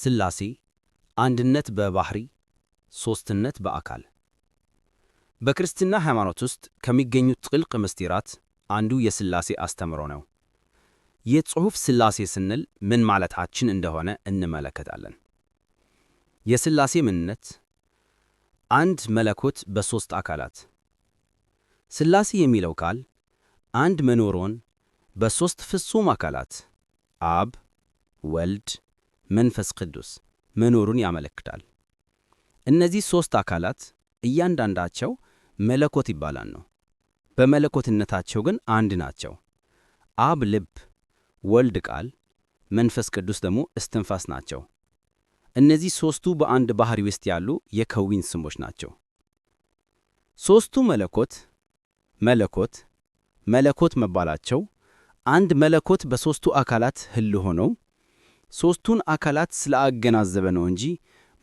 ሥላሴ አንድነት በባሕሪ ሦስትነት በአካል በክርስትና ሃይማኖት ውስጥ ከሚገኙት ጥልቅ ምስጢራት አንዱ የሥላሴ አስተምሮ ነው። ይህ ጽሑፍ ሥላሴ ስንል ምን ማለታችን እንደሆነ እንመለከታለን። የሥላሴ ምንነት አንድ መለኮት በሦስት አካላት። ሥላሴ የሚለው ቃል አንድ መኖሮን በሦስት ፍጹም አካላት አብ፣ ወልድ መንፈስ ቅዱስ መኖሩን ያመለክታል። እነዚህ ሦስት አካላት እያንዳንዳቸው መለኮት ይባላል ነው። በመለኮትነታቸው ግን አንድ ናቸው። አብ ልብ፣ ወልድ ቃል፣ መንፈስ ቅዱስ ደግሞ እስትንፋስ ናቸው። እነዚህ ሦስቱ በአንድ ባሕሪ ውስጥ ያሉ የከዊን ስሞች ናቸው። ሦስቱ መለኮት መለኮት መለኮት መባላቸው አንድ መለኮት በሦስቱ አካላት ሕል ሆነው ሦስቱን አካላት ስለአገናዘበ ነው እንጂ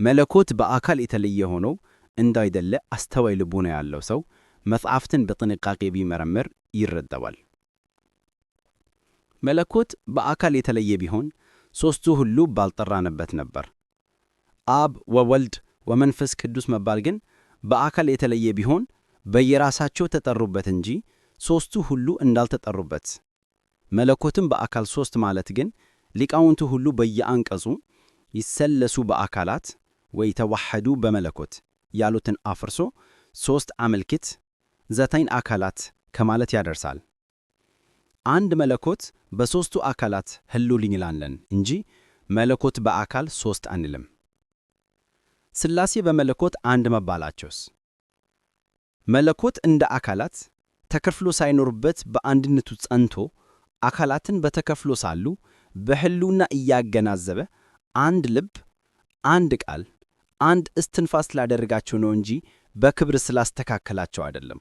መለኮት በአካል የተለየ ሆኖ እንዳይደለ አስተዋይ ልቡና ያለው ሰው መጽሐፍትን በጥንቃቄ ቢመረምር ይረዳዋል። መለኮት በአካል የተለየ ቢሆን ሦስቱ ሁሉ ባልጠራንበት ነበር። አብ ወወልድ ወመንፈስ ቅዱስ መባል ግን በአካል የተለየ ቢሆን በየራሳቸው ተጠሩበት እንጂ ሦስቱ ሁሉ እንዳልተጠሩበት። መለኮትም በአካል ሦስት ማለት ግን ሊቃውንቱ ሁሉ በየአንቀጹ ይሰለሱ በአካላት ወይ ተዋሐዱ በመለኮት ያሉትን አፍርሶ ሦስት አመልኪት ዘጠኝ አካላት ከማለት ያደርሳል። አንድ መለኮት በሦስቱ አካላት ህሉል እንላለን እንጂ መለኮት በአካል ሦስት አንልም። ሥላሴ በመለኮት አንድ መባላቸውስ መለኮት እንደ አካላት ተከፍሎ ሳይኖርበት በአንድነቱ ጸንቶ አካላትን በተከፍሎ ሳሉ በህልውና እያገናዘበ አንድ ልብ፣ አንድ ቃል፣ አንድ እስትንፋስ ስላደረጋቸው ነው እንጂ በክብር ስላስተካከላቸው አይደለም።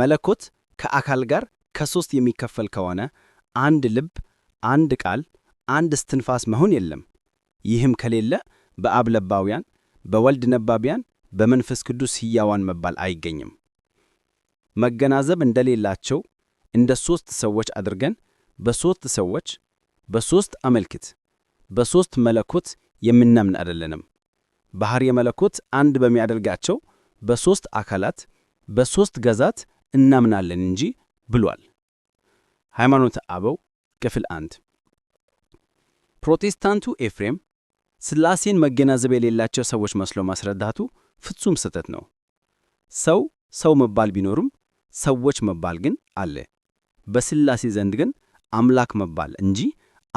መለኮት ከአካል ጋር ከሶስት የሚከፈል ከሆነ አንድ ልብ፣ አንድ ቃል፣ አንድ እስትንፋስ መሆን የለም። ይህም ከሌለ በአብ ለባውያን፣ በወልድ ነባቢያን፣ በመንፈስ ቅዱስ ሕያዋን መባል አይገኝም። መገናዘብ እንደሌላቸው እንደ ሦስት ሰዎች አድርገን በሦስት ሰዎች በሦስት አመልክት በሦስት መለኮት የምናምን አይደለንም። ባሕርየ መለኮት አንድ በሚያደርጋቸው በሦስት አካላት በሦስት ገዛት እናምናለን እንጂ ብሏል። ሃይማኖተ አበው ክፍል አንድ ፕሮቴስታንቱ ኤፍሬም ሥላሴን መገናዘብ የሌላቸው ሰዎች መስሎ ማስረዳቱ ፍጹም ስህተት ነው። ሰው ሰው መባል ቢኖርም ሰዎች መባል ግን አለ። በሥላሴ ዘንድ ግን አምላክ መባል እንጂ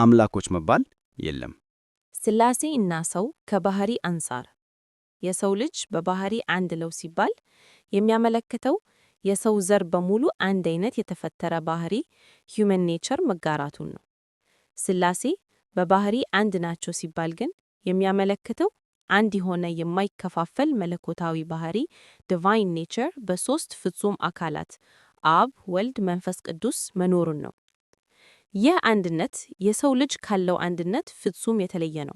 አምላኮች መባል የለም። ሥላሴ እና ሰው ከባህሪ አንጻር የሰው ልጅ በባህሪ አንድ ለው ሲባል የሚያመለክተው የሰው ዘር በሙሉ አንድ አይነት የተፈጠረ ባህሪ ሂዩመን ኔቸር መጋራቱን ነው። ሥላሴ በባህሪ አንድ ናቸው ሲባል ግን የሚያመለክተው አንድ የሆነ የማይከፋፈል መለኮታዊ ባህሪ ዲቫይን ኔቸር በሶስት ፍጹም አካላት አብ፣ ወልድ፣ መንፈስ ቅዱስ መኖሩን ነው። ይህ አንድነት የሰው ልጅ ካለው አንድነት ፍጹም የተለየ ነው።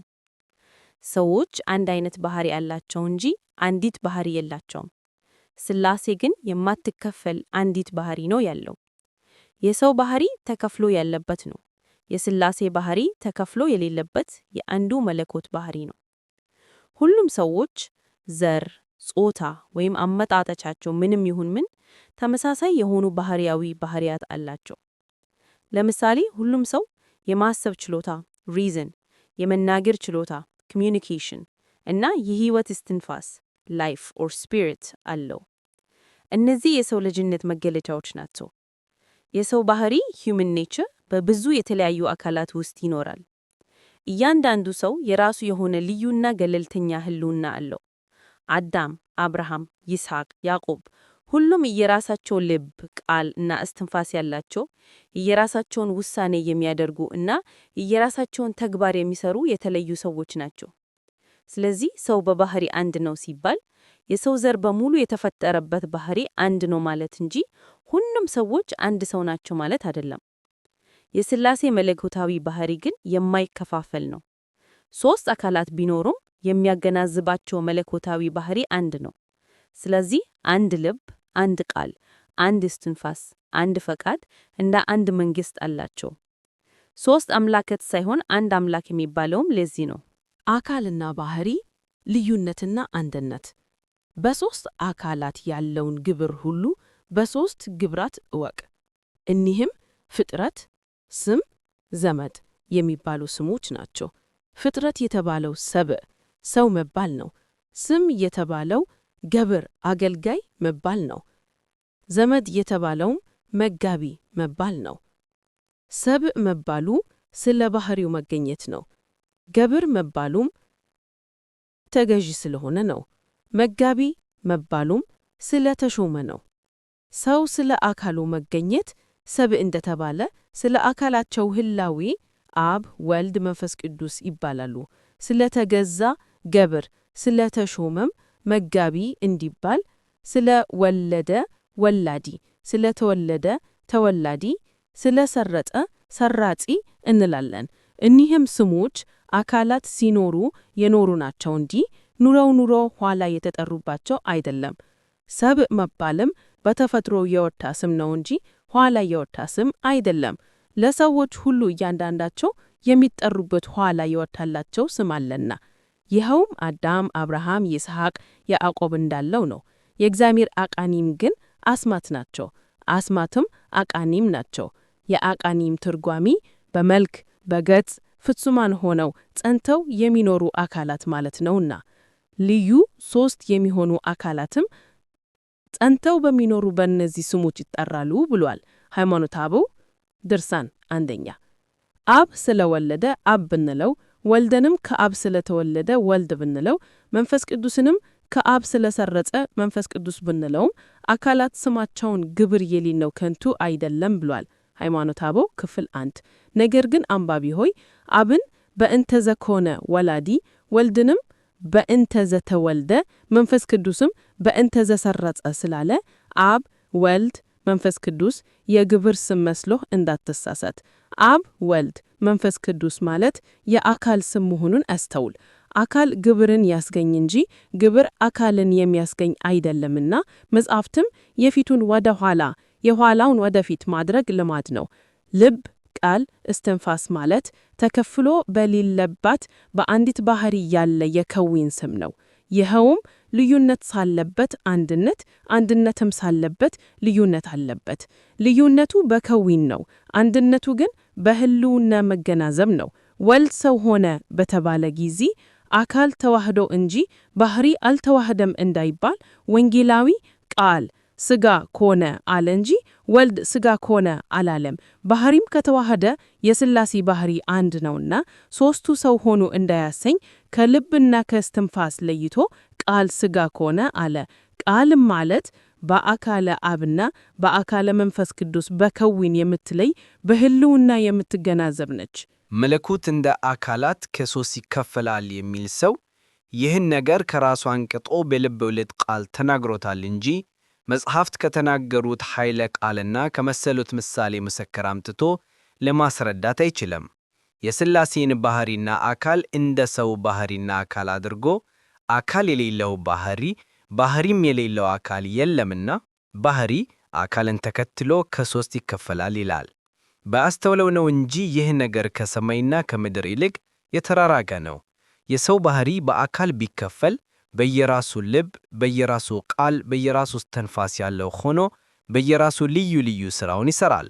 ሰዎች አንድ አይነት ባህሪ ያላቸው እንጂ አንዲት ባህሪ የላቸውም። ሥላሴ ግን የማትከፈል አንዲት ባህሪ ነው ያለው። የሰው ባህሪ ተከፍሎ ያለበት ነው። የሥላሴ ባህሪ ተከፍሎ የሌለበት የአንዱ መለኮት ባህሪ ነው። ሁሉም ሰዎች ዘር፣ ጾታ ወይም አመጣጠቻቸው ምንም ይሁን ምን ተመሳሳይ የሆኑ ባህሪያዊ ባህሪያት አላቸው። ለምሳሌ ሁሉም ሰው የማሰብ ችሎታ ሪዝን፣ የመናገር ችሎታ ኮሚዩኒኬሽን እና የህይወት እስትንፋስ ላይፍ ኦር ስፒሪት አለው። እነዚህ የሰው ልጅነት መገለጫዎች ናቸው። የሰው ባህሪ ሂውመን ኔቸር በብዙ የተለያዩ አካላት ውስጥ ይኖራል። እያንዳንዱ ሰው የራሱ የሆነ ልዩና ገለልተኛ ህልውና አለው። አዳም፣ አብርሃም፣ ይስሐቅ፣ ያዕቆብ ሁሉም እየራሳቸው ልብ፣ ቃል እና እስትንፋስ ያላቸው እየራሳቸውን ውሳኔ የሚያደርጉ እና እየራሳቸውን ተግባር የሚሰሩ የተለዩ ሰዎች ናቸው። ስለዚህ ሰው በባህሪ አንድ ነው ሲባል የሰው ዘር በሙሉ የተፈጠረበት ባህሪ አንድ ነው ማለት እንጂ ሁሉም ሰዎች አንድ ሰው ናቸው ማለት አይደለም። የሥላሴ መለኮታዊ ባህሪ ግን የማይከፋፈል ነው። ሦስት አካላት ቢኖሩም የሚያገናዝባቸው መለኮታዊ ባህሪ አንድ ነው። ስለዚህ አንድ ልብ፣ አንድ ቃል፣ አንድ እስትንፋስ፣ አንድ ፈቃድ እንደ አንድ መንግሥት አላቸው። ሶስት አምላከት ሳይሆን አንድ አምላክ የሚባለውም ለዚህ ነው። አካልና ባህሪ፣ ልዩነትና አንድነት በሶስት አካላት ያለውን ግብር ሁሉ በሶስት ግብራት እወቅ። እኒህም ፍጥረት፣ ስም፣ ዘመድ የሚባሉ ስሞች ናቸው። ፍጥረት የተባለው ሰብእ ሰው መባል ነው። ስም የተባለው ገብር አገልጋይ መባል ነው። ዘመድ የተባለውም መጋቢ መባል ነው። ሰብእ መባሉ ስለ ባህሪው መገኘት ነው። ገብር መባሉም ተገዢ ስለሆነ ነው። መጋቢ መባሉም ስለ ተሾመ ነው። ሰው ስለ አካሉ መገኘት ሰብእ እንደተባለ ስለ አካላቸው ህላዊ አብ፣ ወልድ፣ መንፈስ ቅዱስ ይባላሉ። ስለ ተገዛ ገብር ስለ ተሾመም መጋቢ እንዲባል፣ ስለ ወለደ ወላዲ፣ ስለ ተወለደ ተወላዲ፣ ስለ ሰረጠ ሰራጺ እንላለን። እኒህም ስሞች አካላት ሲኖሩ የኖሩ ናቸው እንጂ ኑረው ኑሮ ኋላ የተጠሩባቸው አይደለም። ሰብ መባልም በተፈጥሮ የወጣ ስም ነው እንጂ ኋላ የወጣ ስም አይደለም። ለሰዎች ሁሉ እያንዳንዳቸው የሚጠሩበት ኋላ የወጣላቸው ስም አለና ይኸውም አዳም፣ አብርሃም፣ ይስሐቅ፣ ያዕቆብ እንዳለው ነው። የእግዚአብሔር አቃኒም ግን አስማት ናቸው፣ አስማትም አቃኒም ናቸው። የአቃኒም ትርጓሚ በመልክ በገጽ ፍጹማን ሆነው ጸንተው የሚኖሩ አካላት ማለት ነውና ልዩ ሶስት የሚሆኑ አካላትም ጸንተው በሚኖሩ በእነዚህ ስሞች ይጠራሉ ብሏል ሃይማኖተ አበው ድርሳን አንደኛ አብ ስለወለደ አብ ብንለው ወልደንም ከአብ ስለተወለደ ወልድ ብንለው፣ መንፈስ ቅዱስንም ከአብ ስለሰረጸ መንፈስ ቅዱስ ብንለውም አካላት ስማቸውን ግብር የሌለው ከንቱ አይደለም ብሏል ሃይማኖተ አበው ክፍል አንድ። ነገር ግን አንባቢ ሆይ አብን በእንተ ዘኮነ ወላዲ ወልድንም በእንተ ዘተወልደ መንፈስ ቅዱስም በእንተ ዘሰረጸ ስላለ አብ ወልድ መንፈስ ቅዱስ የግብር ስም መስሎህ እንዳትሳሳት። አብ፣ ወልድ፣ መንፈስ ቅዱስ ማለት የአካል ስም መሆኑን አስተውል። አካል ግብርን ያስገኝ እንጂ ግብር አካልን የሚያስገኝ አይደለምና መጽሐፍትም የፊቱን ወደ ኋላ የኋላውን ወደፊት ማድረግ ልማድ ነው። ልብ ቃል እስትንፋስ ማለት ተከፍሎ በሌለባት በአንዲት ባህሪ ያለ የከዊን ስም ነው። ይኸውም ልዩነት ሳለበት አንድነት፣ አንድነትም ሳለበት ልዩነት አለበት። ልዩነቱ በከዊን ነው፣ አንድነቱ ግን በህልውና መገናዘብ ነው። ወልድ ሰው ሆነ በተባለ ጊዜ አካል ተዋህዶ እንጂ ባህሪ አልተዋህደም እንዳይባል ወንጌላዊ ቃል ሥጋ ከሆነ አለ እንጂ ወልድ ሥጋ ከሆነ አላለም። ባህሪም ከተዋህደ የሥላሴ ባህሪ አንድ ነውና ሦስቱ ሰው ሆኑ እንዳያሰኝ ከልብና ከስትንፋስ ለይቶ ቃል ሥጋ ከሆነ አለ። ቃልም ማለት በአካለ አብና በአካለ መንፈስ ቅዱስ በከዊን የምትለይ በሕልውና የምትገናዘብ ነች። መለኮት እንደ አካላት ከሦስት ይከፈላል የሚል ሰው ይህን ነገር ከራሱ አንቅጦ በልብ ወለድ ቃል ተናግሮታል እንጂ መጽሐፍት ከተናገሩት ኃይለ ቃልና ከመሰሉት ምሳሌ ምስክር አምጥቶ ለማስረዳት አይችልም። የሥላሴን ባሕሪና አካል እንደ ሰው ባሕሪና አካል አድርጎ አካል የሌለው ባሕሪ ባሕሪም የሌለው አካል የለምና ባሕሪ አካልን ተከትሎ ከሦስት ይከፈላል ይላል። በአስተውለው ነው እንጂ ይህ ነገር ከሰማይና ከምድር ይልቅ የተራራቀ ነው። የሰው ባሕሪ በአካል ቢከፈል በየራሱ ልብ፣ በየራሱ ቃል፣ በየራሱ እስትንፋስ ያለው ሆኖ በየራሱ ልዩ ልዩ ሥራውን ይሠራል።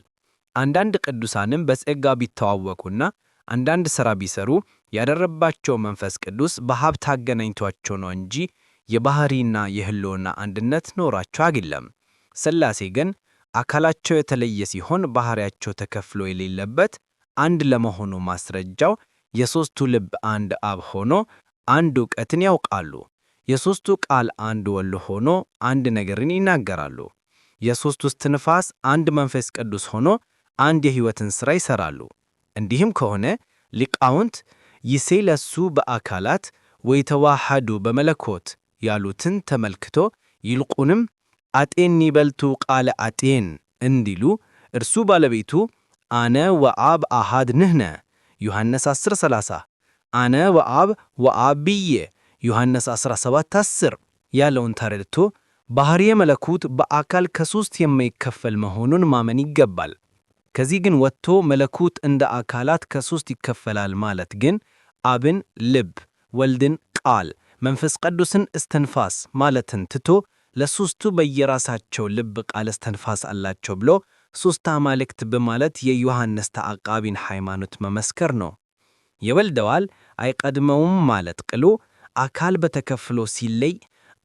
አንዳንድ ቅዱሳንም በጸጋ ቢተዋወቁና አንዳንድ ሥራ ቢሠሩ ያደረባቸው መንፈስ ቅዱስ በሀብት አገናኝቷቸው ነው እንጂ የባሕሪና የሕልውና አንድነት ኖሯቸው አግለም። ሥላሴ ግን አካላቸው የተለየ ሲሆን ባሕሪያቸው ተከፍሎ የሌለበት አንድ ለመሆኑ ማስረጃው የሦስቱ ልብ አንድ አብ ሆኖ አንድ ዕውቀትን ያውቃሉ። የሦስቱ ቃል አንድ ወል ሆኖ አንድ ነገርን ይናገራሉ። የሦስቱ እስትንፋስ አንድ መንፈስ ቅዱስ ሆኖ አንድ የሕይወትን ሥራ ይሠራሉ። እንዲህም ከሆነ ሊቃውንት ይሴለሱ በአካላት ወይተዋሃዱ በመለኮት ያሉትን ተመልክቶ ይልቁንም አጤን ይበልቱ ቃለ አጤን እንዲሉ እርሱ ባለቤቱ አነ ወአብ አሃድ ንህነ ዮሐንስ 10፥30 አነ ወአብ ወአብ ብዬ ዮሐንስ 10 ያለውን ተረድቶ ባሕርየ መለኮት በአካል ከሦስት የማይከፈል መሆኑን ማመን ይገባል። ከዚህ ግን ወጥቶ መለኮት እንደ አካላት ከሦስት ይከፈላል ማለት ግን አብን ልብ፣ ወልድን ቃል፣ መንፈስ ቅዱስን እስትንፋስ ማለትን ትቶ ለሦስቱ በየራሳቸው ልብ፣ ቃል፣ እስትንፋስ አላቸው ብሎ ሦስት አማልክት በማለት የዮሐንስ ተአቃቢን ሃይማኖት መመስከር ነው። የወልደዋል አይቀድመውም ማለት ቅሉ አካል በተከፍሎ ሲለይ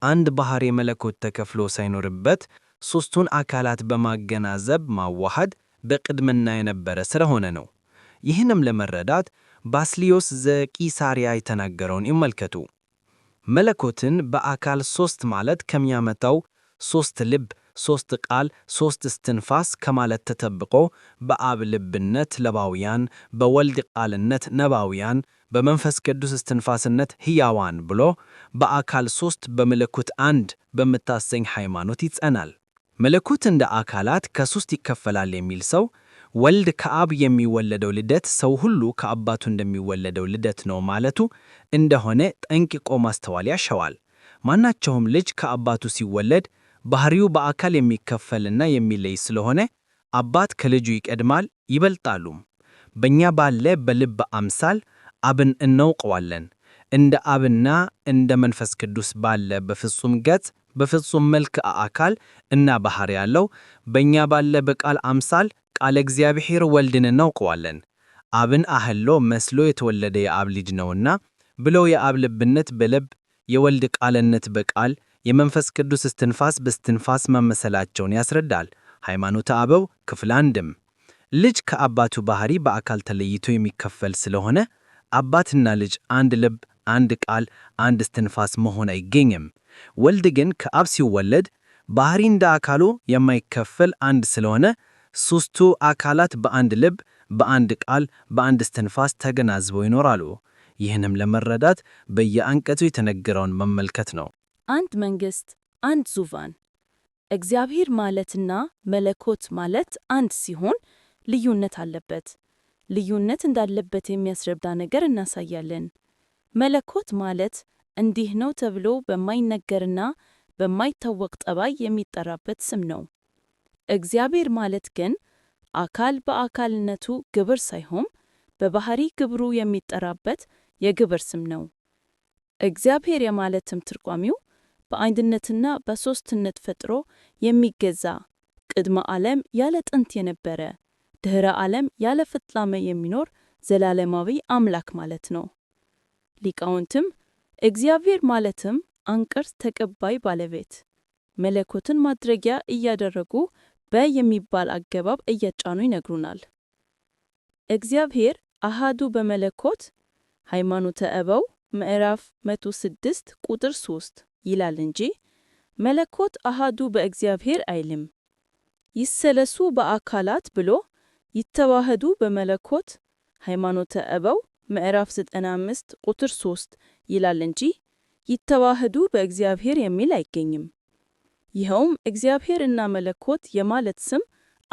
አንድ ባሕር የመለኮት ተከፍሎ ሳይኖርበት ሦስቱን አካላት በማገናዘብ ማዋሃድ በቅድምና የነበረ ሥራ ሆነ ነው። ይህንም ለመረዳት ባስሊዮስ ዘቂሳርያ የተናገረውን ይመልከቱ። መለኮትን በአካል ሦስት ማለት ከሚያመጣው ሦስት ልብ፣ ሦስት ቃል፣ ሦስት እስትንፋስ ከማለት ተጠብቆ በአብ ልብነት ለባውያን፣ በወልድ ቃልነት ነባውያን በመንፈስ ቅዱስ እስትንፋስነት ሕያዋን ብሎ በአካል ሦስት በመለኮት አንድ በምታሰኝ ሃይማኖት ይጸናል። መለኮት እንደ አካላት ከሦስት ይከፈላል የሚል ሰው ወልድ ከአብ የሚወለደው ልደት ሰው ሁሉ ከአባቱ እንደሚወለደው ልደት ነው ማለቱ እንደሆነ ጠንቅቆ ማስተዋል ያሸዋል። ማናቸውም ልጅ ከአባቱ ሲወለድ ባህሪው በአካል የሚከፈልና የሚለይ ስለሆነ አባት ከልጁ ይቀድማል፣ ይበልጣሉም። በእኛ ባለ በልብ አምሳል አብን እናውቀዋለን። እንደ አብና እንደ መንፈስ ቅዱስ ባለ በፍጹም ገጽ በፍጹም መልክ አካል እና ባህር ያለው በእኛ ባለ በቃል አምሳል ቃለ እግዚአብሔር ወልድን እናውቀዋለን። አብን አህሎ መስሎ የተወለደ የአብ ልጅ ነውና ብለው የአብ ልብነት በልብ የወልድ ቃልነት በቃል የመንፈስ ቅዱስ እስትንፋስ በስትንፋስ መመሰላቸውን ያስረዳል። ሃይማኖተ አበው ክፍል አንድም ልጅ ከአባቱ ባሕሪ በአካል ተለይቶ የሚከፈል ስለሆነ አባትና ልጅ አንድ ልብ፣ አንድ ቃል፣ አንድ እስትንፋስ መሆን አይገኝም። ወልድ ግን ከአብ ሲወለድ ባህሪ እንደ አካሉ የማይከፈል አንድ ስለሆነ ሦስቱ አካላት በአንድ ልብ፣ በአንድ ቃል፣ በአንድ እስትንፋስ ተገናዝበው ይኖራሉ። ይህንም ለመረዳት በየአንቀቱ የተነገረውን መመልከት ነው። አንድ መንግሥት፣ አንድ ዙፋን። እግዚአብሔር ማለትና መለኮት ማለት አንድ ሲሆን ልዩነት አለበት። ልዩነት እንዳለበት የሚያስረዳ ነገር እናሳያለን። መለኮት ማለት እንዲህ ነው ተብሎ በማይነገርና በማይታወቅ ጠባይ የሚጠራበት ስም ነው። እግዚአብሔር ማለት ግን አካል በአካልነቱ ግብር ሳይሆን በባህሪ ግብሩ የሚጠራበት የግብር ስም ነው። እግዚአብሔር የማለትም ትርጓሚው በአንድነትና በሦስትነት ፈጥሮ የሚገዛ ቅድመ ዓለም ያለ ጥንት የነበረ ድኅረ ዓለም ያለ ፍጥላሜ የሚኖር ዘላለማዊ አምላክ ማለት ነው። ሊቃውንትም እግዚአብሔር ማለትም አንቀርስ ተቀባይ ባለቤት መለኮትን ማድረጊያ እያደረጉ በ የሚባል አገባብ እያጫኑ ይነግሩናል። እግዚአብሔር አሃዱ በመለኮት ሃይማኖተ አበው ምዕራፍ 106 ቁጥር 3 ይላል እንጂ መለኮት አሃዱ በእግዚአብሔር አይልም። ይሰለሱ በአካላት ብሎ ይተዋህዱ በመለኮት ሃይማኖተ አበው ምዕራፍ 95 ቁጥር 3 ይላል እንጂ ይተዋህዱ በእግዚአብሔር የሚል አይገኝም። ይኸውም እግዚአብሔር እና መለኮት የማለት ስም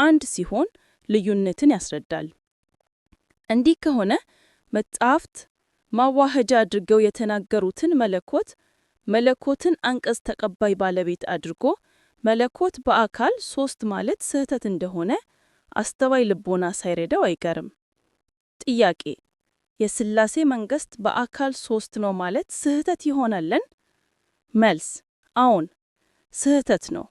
አንድ ሲሆን ልዩነትን ያስረዳል። እንዲህ ከሆነ መጻሕፍት ማዋሃጃ አድርገው የተናገሩትን መለኮት መለኮትን አንቀጽ ተቀባይ ባለቤት አድርጎ መለኮት በአካል ሶስት ማለት ስህተት እንደሆነ አስተዋይ ልቦና ሳይረዳው አይቀርም። ጥያቄ የሥላሴ መንግሥት በአካል ሦስት ነው ማለት ስህተት ይሆናልን? መልስ አዎን፣ ስህተት ነው።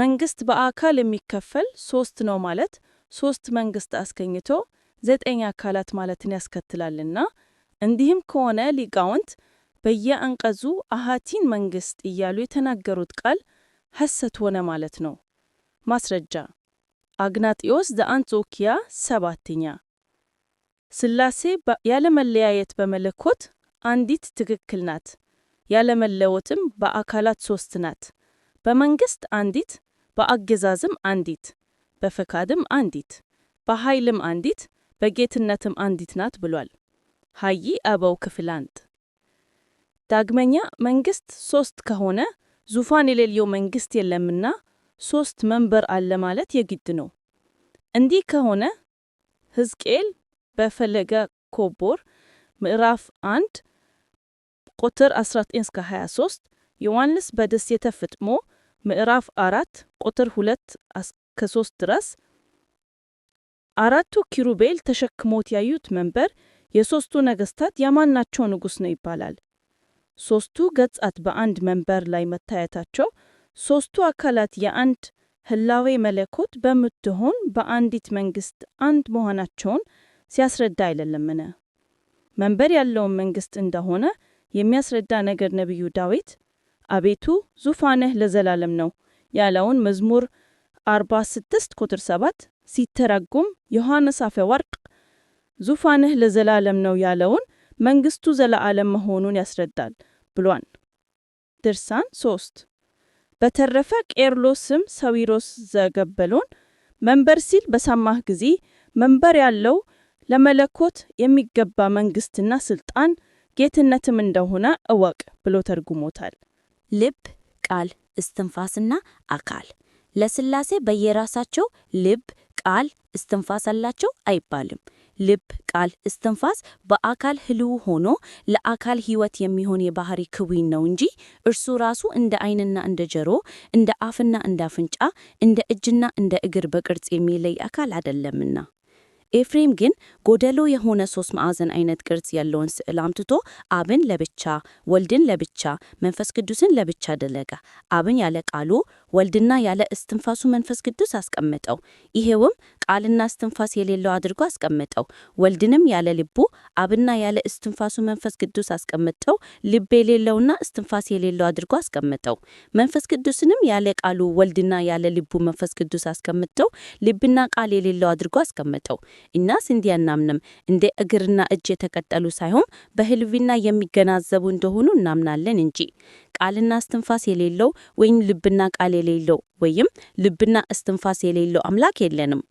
መንግሥት በአካል የሚከፈል ሦስት ነው ማለት ሦስት መንግሥት አስገኝቶ ዘጠኝ አካላት ማለትን ያስከትላልና እንዲህም ከሆነ ሊቃውንት በየአንቀጹ አሃቲን መንግሥት እያሉ የተናገሩት ቃል ሐሰት ሆነ ማለት ነው። ማስረጃ አግናጢዮስ ዘአንጾኪያ ሰባተኛ ሥላሴ ያለመለያየት በመለኮት አንዲት ትክክል ናት። ያለመለወጥም በአካላት ሦስት ናት። በመንግሥት አንዲት፣ በአገዛዝም አንዲት፣ በፈቃድም አንዲት፣ በኃይልም አንዲት፣ በጌትነትም አንዲት ናት ብሏል። ሀይ አበው ክፍል አንድ ዳግመኛ መንግሥት ሦስት ከሆነ ዙፋን የሌለው መንግሥት የለምና ሶስት መንበር አለ ማለት የግድ ነው። እንዲህ ከሆነ ሕዝቅኤል በፈለገ ኮቦር ምዕራፍ 1 ቁጥር 19 እስከ 23፣ ዮሐንስ በደሴተ ፍጥሞ ምዕራፍ 4 ቁጥር 2 እስከ 3 ድረስ አራቱ ኪሩቤል ተሸክሞት ያዩት መንበር የሦስቱ ነገሥታት የማናቸው ንጉሥ ነው ይባላል። ሦስቱ ገጻት በአንድ መንበር ላይ መታየታቸው ሦስቱ አካላት የአንድ ህላዌ መለኮት በምትሆን በአንዲት መንግሥት አንድ መሆናቸውን ሲያስረዳ አይደለምን? መንበር ያለውን መንግሥት እንደሆነ የሚያስረዳ ነገር ነቢዩ ዳዊት አቤቱ ዙፋንህ ለዘላለም ነው ያለውን መዝሙር 46 ቁጥር 7 ሲተረጉም ዮሐንስ አፈወርቅ ዙፋንህ ለዘላለም ነው ያለውን መንግሥቱ ዘለዓለም መሆኑን ያስረዳል ብሏል። ድርሳን 3 በተረፈ ቄርሎስም ሰዊሮስ ዘገበሎን መንበር ሲል በሰማህ ጊዜ መንበር ያለው ለመለኮት የሚገባ መንግስትና ስልጣን ጌትነትም እንደሆነ እወቅ ብሎ ተርጉሞታል። ልብ፣ ቃል፣ እስትንፋስና አካል ለስላሴ በየራሳቸው ልብ፣ ቃል፣ እስትንፋስ አላቸው አይባልም። ልብ፣ ቃል፣ እስትንፋስ በአካል ህልው ሆኖ ለአካል ህይወት የሚሆን የባህሪ ክዊን ነው እንጂ እርሱ ራሱ እንደ አይንና እንደ ጀሮ፣ እንደ አፍና እንደ አፍንጫ፣ እንደ እጅና እንደ እግር በቅርጽ የሚለይ አካል አይደለምና። ኤፍሬም ግን ጎደሎ የሆነ ሶስት ማዕዘን አይነት ቅርጽ ያለውን ስዕል አምትቶ አብን ለብቻ፣ ወልድን ለብቻ፣ መንፈስ ቅዱስን ለብቻ ደለቀ። አብን ያለ ቃሉ፣ ወልድና ያለ እስትንፋሱ መንፈስ ቅዱስ አስቀመጠው። ይሄውም ቃልና እስትንፋስ የሌለው አድርጎ አስቀመጠው። ወልድንም ያለ ልቡ፣ አብና ያለ እስትንፋሱ መንፈስ ቅዱስ አስቀመጠው። ልብ የሌለውና እስትንፋስ የሌለው አድርጎ አስቀመጠው። መንፈስ ቅዱስንም ያለ ቃሉ፣ ወልድና ያለ ልቡ መንፈስ ቅዱስ አስቀመጠው። ልብና ቃል የሌለው አድርጎ አስቀመጠው። እኛስ እንዲህ አናምንም። እንደ እግርና እጅ የተቀጠሉ ሳይሆን በህልውና የሚገናዘቡ እንደሆኑ እናምናለን እንጂ ቃልና እስትንፋስ የሌለው ወይም ልብና ቃል የሌለው ወይም ልብና እስትንፋስ የሌለው አምላክ የለንም።